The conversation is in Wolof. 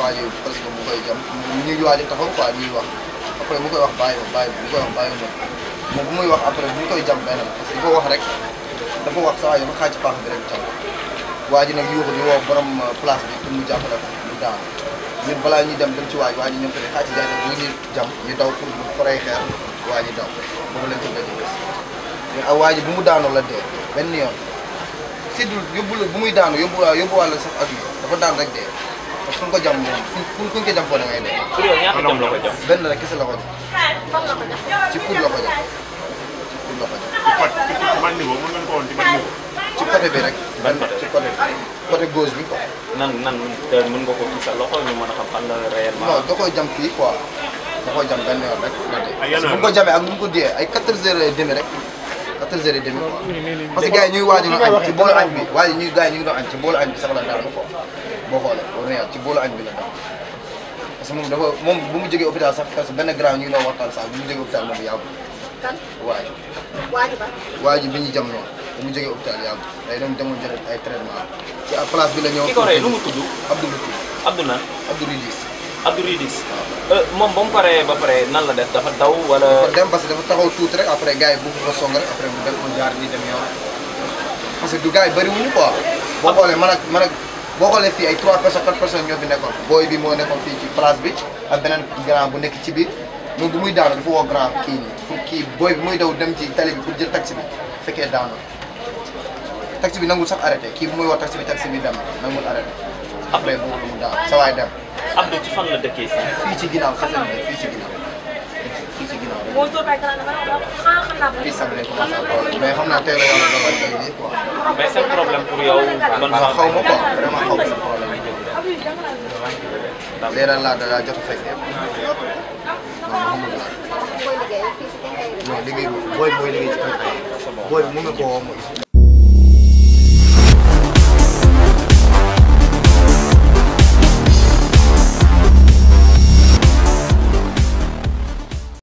waaye dañu taxaw quoi ñuy wax après mu koy wax bàyyi ma bàyyi mu koy wax bàyyi ma moom muy wax après bu koy jam benn parce que dafa wax saa yi dafa xaaj paax bi rek jam waa ji nag yuuxu di woo borom place bi pour mu mu daanu. ñun balaa ñuy dem dem ci waaj waa ji ñoom tamit xaaj si jaay bu ñu jam ñu daw pour bu faray xeer waa ji mais aw waa ji bu mu daanoo la dee benn yoon séddul yóbbu la bu muy daanu yóbbu waa yóbbu wàll sax ak dafa daan rek dee parce que fu ñu ko jam moom fu ñu ko jam foo da benn rek ki la ko ci pour la ko jam ci pour ci bi rek. ban ci côté bi côté gauche bi quoi. nan nan mën nga ko ci sa loxo ñu mën a xam fan la réellement. non da koy jam fii quoi da koy jam benn yoon rek la dee. bu ko jamee ak bu mu ko diyee ay 14 heures et demi rek 14 heures et demi quoi. parce que gars bi waaye ñuy gars yi ñu ngi doon añ bi sax la daanu quoi boo xoolee war na yàlla ci boolu añ bi la daanu. parce moom bu mu jógee hôpital sax parce que benn grand ñu ngi doon waxtaan sax bu mu jógee hôpital moom yàggul. kan waaj. waaj bi ñu jam noonu. ba mu jógee hôpital yàgg day dem demoon jël ay traitement ci place bi la ñëw. ki ko rey mu tudd Abdou Ridis. Abdou nan Abdou Ridis. Euh, moom ba mu paree ba pare nan la def dafa daw wala. dem parce que dafa taxaw tuuti rek après gars yi bu ko song rek après mu dem mu jaar nii dem yoon parce que du gars yi bëri boo xoolee man ak man ak boo xoolee fii ay 3 personnes 4 personnes nekkoon. booy bi moo nekkoon fii ci place bi ak beneen grand bu nekk ci biir. moom bu muy daanu dafa woo grand kii nii pour kii booy bi muy daw dem ci tali bi pour jël taxi fekkee daanu taxi bi nangul sax arrêté kii bu muy wax taxi bi taxi bi dem nangul arrêté après bu mu daan sa waay dem. Abdou ci fan la dëkkee fii. fii ci ginnaaw fii ci ginnaaw fii ci ginnaaw. fii sax lañ commencé xam naa tey la ah, ma quoi vraiment xaw ma seen laa da laa boi liguei, eu fiz carreira. Não, liguei, boi, boi, liguei de carreira. Boi, muito é